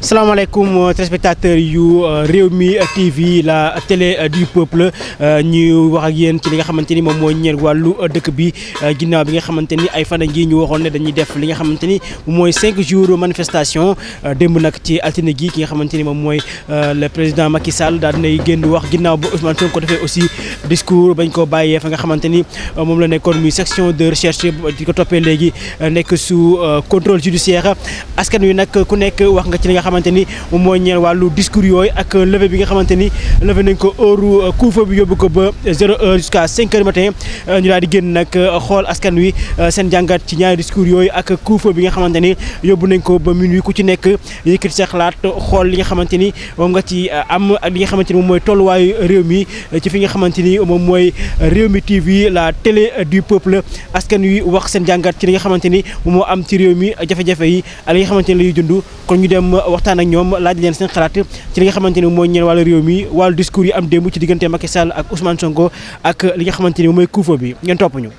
salaamaaleykum euh, téléspectateurs yu euh, réew mi TV la télé euh, du peuple ñuy wax ak yéen ci li nga xamante ni moom moo ñeel wàllu dëkk bi ginnaaw bi nga xamante ni ay fan ngi ñu waxoon ne dañuy def li nga xamante ni mooy cinq jours manifestation démb nag ci altine gi ki nga xamante ni moom mooy le président Macky Sall daal dinay génn wax ginnaaw ba Ousmane Sonko ko defee aussi discours bañ koo bàyyee fa nga xamante ni euh, moom la nekkoon muy section de recherche di ko toppee léegi euh, nekk sous euh, contrôle judiciaire askan wi nag ku nekk wax nga ci li nga xamante ni moom mooy ñeel wàllu discours yooyu ak levée bi nga xamante ni levée nañ ko heure couvre yóbbu ko ba zéro heure jusqu'à cinq heures matin génn nag xool askan wi seen jàngat ci ñaari discours yooyu ak couvre-feu nga xamante ni yóbbu nañ ko ba minuit ku ci nekk yëkkati xool li nga xamante ni moom nga ci am ak li nga xamante ni moom mooy tolluwaayu réew mi ci fi nga xamante ni moom mooy Rewmi TV la télé du peuple askan wi wax seen jàngat ci li nga xamante ni moo am ci réew mi jafe-jafe yi ak li nga xamante ni la ñuy kon ñu dem waxtaan ak ñoom laaj leen seen xalaat ci li nga xamante ni mooy ñeen wàllu réew mi wàllu discours yi am démb ci diggante Macky Sall ak Ousmane Sonko ak li nga xamante ni mooy kuufa bi ngeen topp ñu.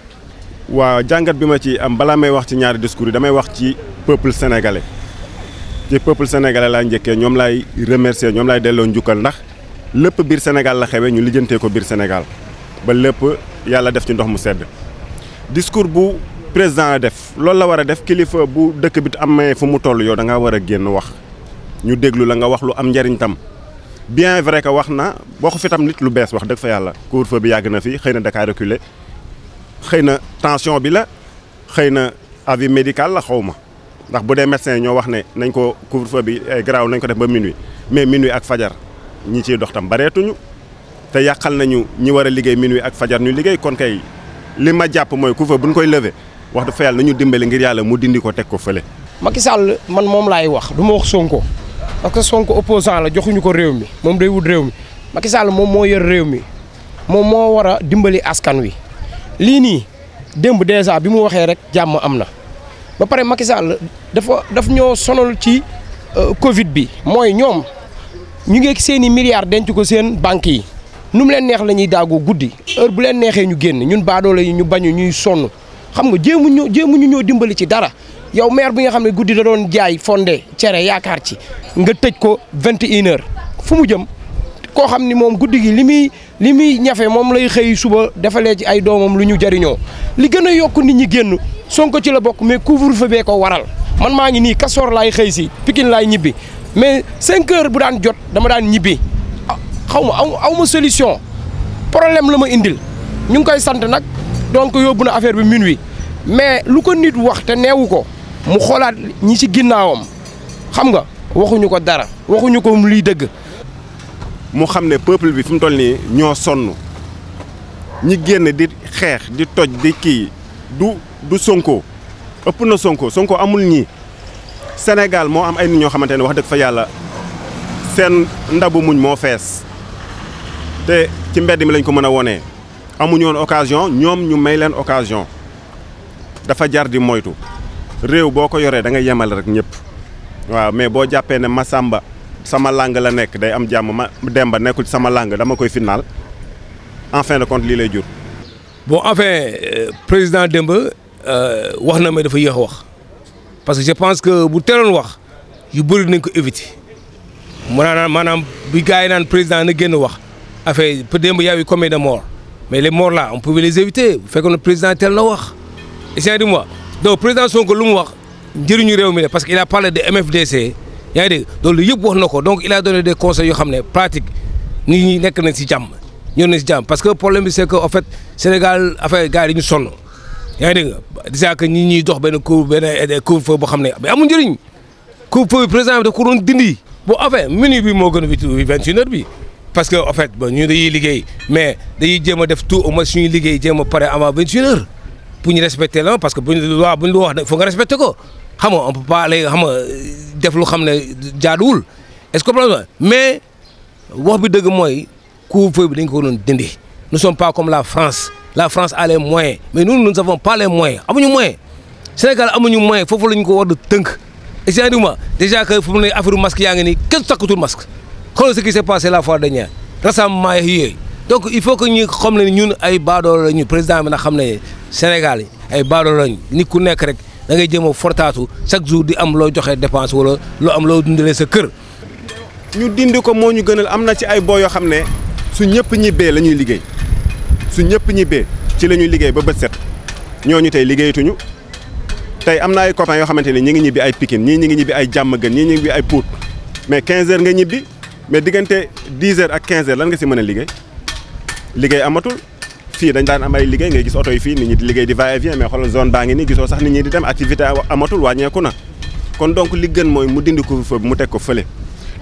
waaw jàngat bi ma ci am balaa may wax ci ñaari discours yi damay wax ci peuple sénégalais ci peuple sénégalais laa njëkkee ñoom laay remercier ñoom laay delloo njukkal ndax lépp biir Sénégal la xewee ñu lijjantee ko biir Sénégal ba lépp yàlla def ci ndox mu sedd discours bu président def loolu la war a def kilifa bu dëkk bi amee fu mu toll yow da ngaa war a génn wax ñu déglu la nga wax lu am njariñ tam bien vrai que wax na waxu fi tam nit lu bees wax dëgg fa yàlla couvre-feu bi yàgg na fi xëy na Dakar reculé xëy na tension bi la xëy na avis médical la xaw ma ndax bu dee médecin ñoo wax ne nañ ko couvre-feu bi eh, garaaw nañ ko def ba minuit mais minuit ak fajar ñi ciy dox tam bareetuñu te yàqal nañu ñi war a liggéey wi ak fajar ñu liggéey kon kay li ma jàpp mooy ku fa buñ koy lever wax dafa yàlla nañu dimbale ngir yàlla mu dindi ko teg ko fële. Macky Sall man moom laay wax du ma wax Sonko parce que Sonko opposant la joxuñu ko réew mi moom day réew mi Macky moom moo yor réew mi moom moo war a dimbali askan wi lii nii démb dèjà bi mu waxee rek jàmm am na ba pare Macky Sall dafa daf ñoo sonal ci euh, Covid bi mooy ñoom. ñu ngeeg seen i milliards denc ko seen banques yi nu mu leen neex la ñuy daagoo guddi heure bu leen neexee ñu génn ñun baadoole yi ñu bañu ñuy sonn xam nga jéemuñu jéemuñu ñoo dimbali ci dara yow maire bi nga xam ne guddi da doon jaay fondé cere yaakaar ci nga tëj ko vingt et fu mu jëm koo xam ni moom guddi gi li muy li muy ñafe moom lay xëy suba defalee ci ay doomam lu ñu jariñoo li gën a yokk nit ñi génn Sonko ci la bokk mais couvre-feu bee ko waral man maa ngi nii kasoor laay xëy si Pikine laay ñibbi mais 5 heures bu daan jot dama daan ñibbi ah, xaw ma aw ma solution problème la ma indil ñu ngi koy sant nag donc yóbbu na affaire bi minuit mais lu ko nit wax te neewu ko mu xoolaat ñi ci ginnaawam xam nga waxuñu ko dara waxuñu ko liy dégg mu xam ne peuple bi fi mu toll nii ñoo sonn ñi génn di xeex di toj di kii du du Sonko. ëpp na Sonko Sonko amul ñii Sénégal moo am ay nit ñoo xamante ne wax dëgg fa yàlla seen ndabu muñ moo fees te ci mbedd mi lañ ko mën a wonee amuñu woon ñoom ñu may leen occasion dafa jar di moytu réew boo ko yoree da nga yemal rek ñëpp waaw mais boo jàppee ne Masamba sama langue la nekk day am jàmm ma Demba nekkul sama langue dama koy final en fin de compte jur. bon enfin euh, président Demba Euh, wax na mais dafa yéex wax parce que je pense que bu teeloon wax yu bëri nañ ko éviter mu naan maanaam bi gars yi naan président na génn wax affaire peut démb yaa ngi combien de morts mais les morts là on pouvait les éviter bu fekkoon ne président teel na wax. yaa ngi wax donc président Sonko lu mu wax njëriñu réew mi la parce que il a de MFDC yaa ngi dégg loolu yëpp wax na ko donc il a donné des conseils yoo xam ne pratique nit ñi nekk na si jàmm ñëw nañ si jàmm parce que problème bi c' est que en Sénégal affaire gars yi dañu sonn. yaa ngi dégg déjà que ñi ñuy dox benn couvre benn eh, couvre-feu boo xam ne mais amul njëriñ couvre-feu bi président bi da ko doon dindi. bu en fait bi moo gën a vingt une heure bi parce que en fait bon ñun dañuy liggéey mais dañuy jéem a def tout au moins suñuy liggéey jéem a pare ama vingt une heure pour la parce que buñ la buñ la wax il faut nga respecter ko xam nga on peut xam nga def lu xam ne jaaduwul est-ce que problème mais wax bi dëgg mooy couvre-feu bi dañ ko doon dindi nous sommes pas comme la France. la France a les moyens mais nous nous n'avons pas les moyens amuñu moyen Sénégal ñu moyen foofu la ñu ko war di tënk exactement déjà que fu mu ne affaire masque yaa ngi nii kenn takkatul masque xoolal ce qui s'est passé la fois dernière rassemblement yi yooyu donc il faut que ñu xam ne ñun ay baadoolo la ñu président bi nag xam ne Sénégal ay baadoolo lañu ni ku nekk rek da ngay jéem a fortaatu chaque jour di am loo joxe dépense wala loo am loo dundalee sa kër. ñu dindi ko moo ñu gënal am na ci ay boo yoo xam ne su ñëpp ñibbee la ñuy liggéey. su ñëpp ñibbee ci la ñuy liggéey ba bët set ñoo ñu tey liggéeyatuñu tey am na ay copains yoo xamante ni ñi ngi ñibbi ay Pikine ñii ñi ngi ñibbi ay Diamaguène ñii ñi ngi ñibbi ay Pout mais 15 heures nga ñibbi mais diggante 10 heures ak 15 heures lan nga si mën a liggéey liggéey amatul fii dañ daan am ay liggéey ngay gis oto yi fii nit ñi liggéey di va et vient mais xoolal zone baa ngi nii gisoo sax nit ñi di dem activité amatul wàññeeku na kon donc li gën mooy mu dindi ko fa mu teg ko fële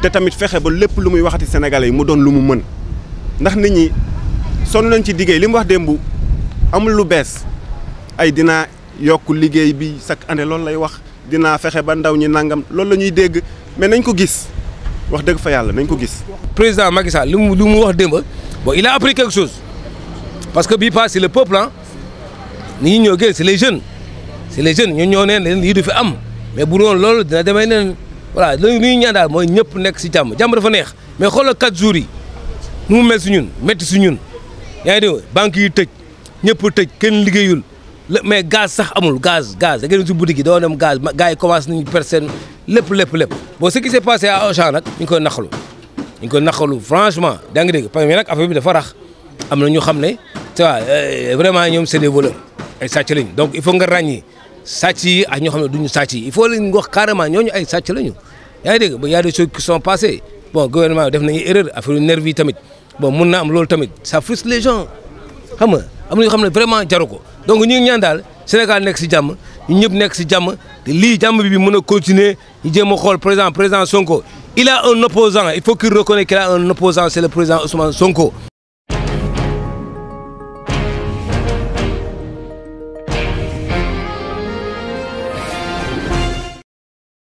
te tamit fexe ba lépp lu muy waxati sénégalais yi mu doon lu mu mën ndax nit ñi sonn nañ ci liggéey li mu wax démb amul lu bees ay dinaa yokk liggéey bi chaque année loolu lay wax dinaa fexe ba ndaw ñi nangam loolu la ñuy dégg mais nañ ko gis wax dëgg fa yàlla nañ ko gis. président Macky Sall li mu li mu wax démb bon il a appris quelque chose parce que bii passe c'est le peuple ah ni ñuy ñëw gën si les jeunes c'est les jeunes ñun ñoo ne leen lii du fi am mais bu doon loolu dina demee ne voilà li ñuy ñaan daal mooy ñëpp nekk si jàmm jàmm dafa neex mais xoolal 4 jours yi nu mu mel ñun métti si ñun. yaa ngi dégg banque yi tëj ñëpp tëj kenn liggéeyul mais gaz sax amul gaz gaz da ngeen si boutique yi doo dem gaz gars yi commencé nañu perte seen lépp lépp lépp bon ce qui s'est passé à Auchan nag ñu ngi koy naqalu ñu ngi koy franchement daa ngi dégg parce que nag affaire bi dafa rax am na ñu xam ne tu vois euh, vraiment ñoom c'est des voleurs ay sàcc lañu donc il faut nga ràññi sàcc yi ak ñoo xam ne duñu sàcc yi il faut lañ wax carrément ñooñu ay sàcc lañu yaa ngi dégg ba y a des qui sont passées bon gouvernement def nañu erreur affaire nervi yi tamit bon mun na am loolu tamit ça frustre les gens xam nga am na ñoo xam vraiment jaru ko donc ñu ngi ñaan daal Sénégal nekk si jàmm ñu ñëpp nekk si jàmm lii jàmm bi mun a continuer ñu jéem a xool président président Sonko il a un opposant il faut qu'il reconnaisse qu'il a un c'est le président Ousmane Sonko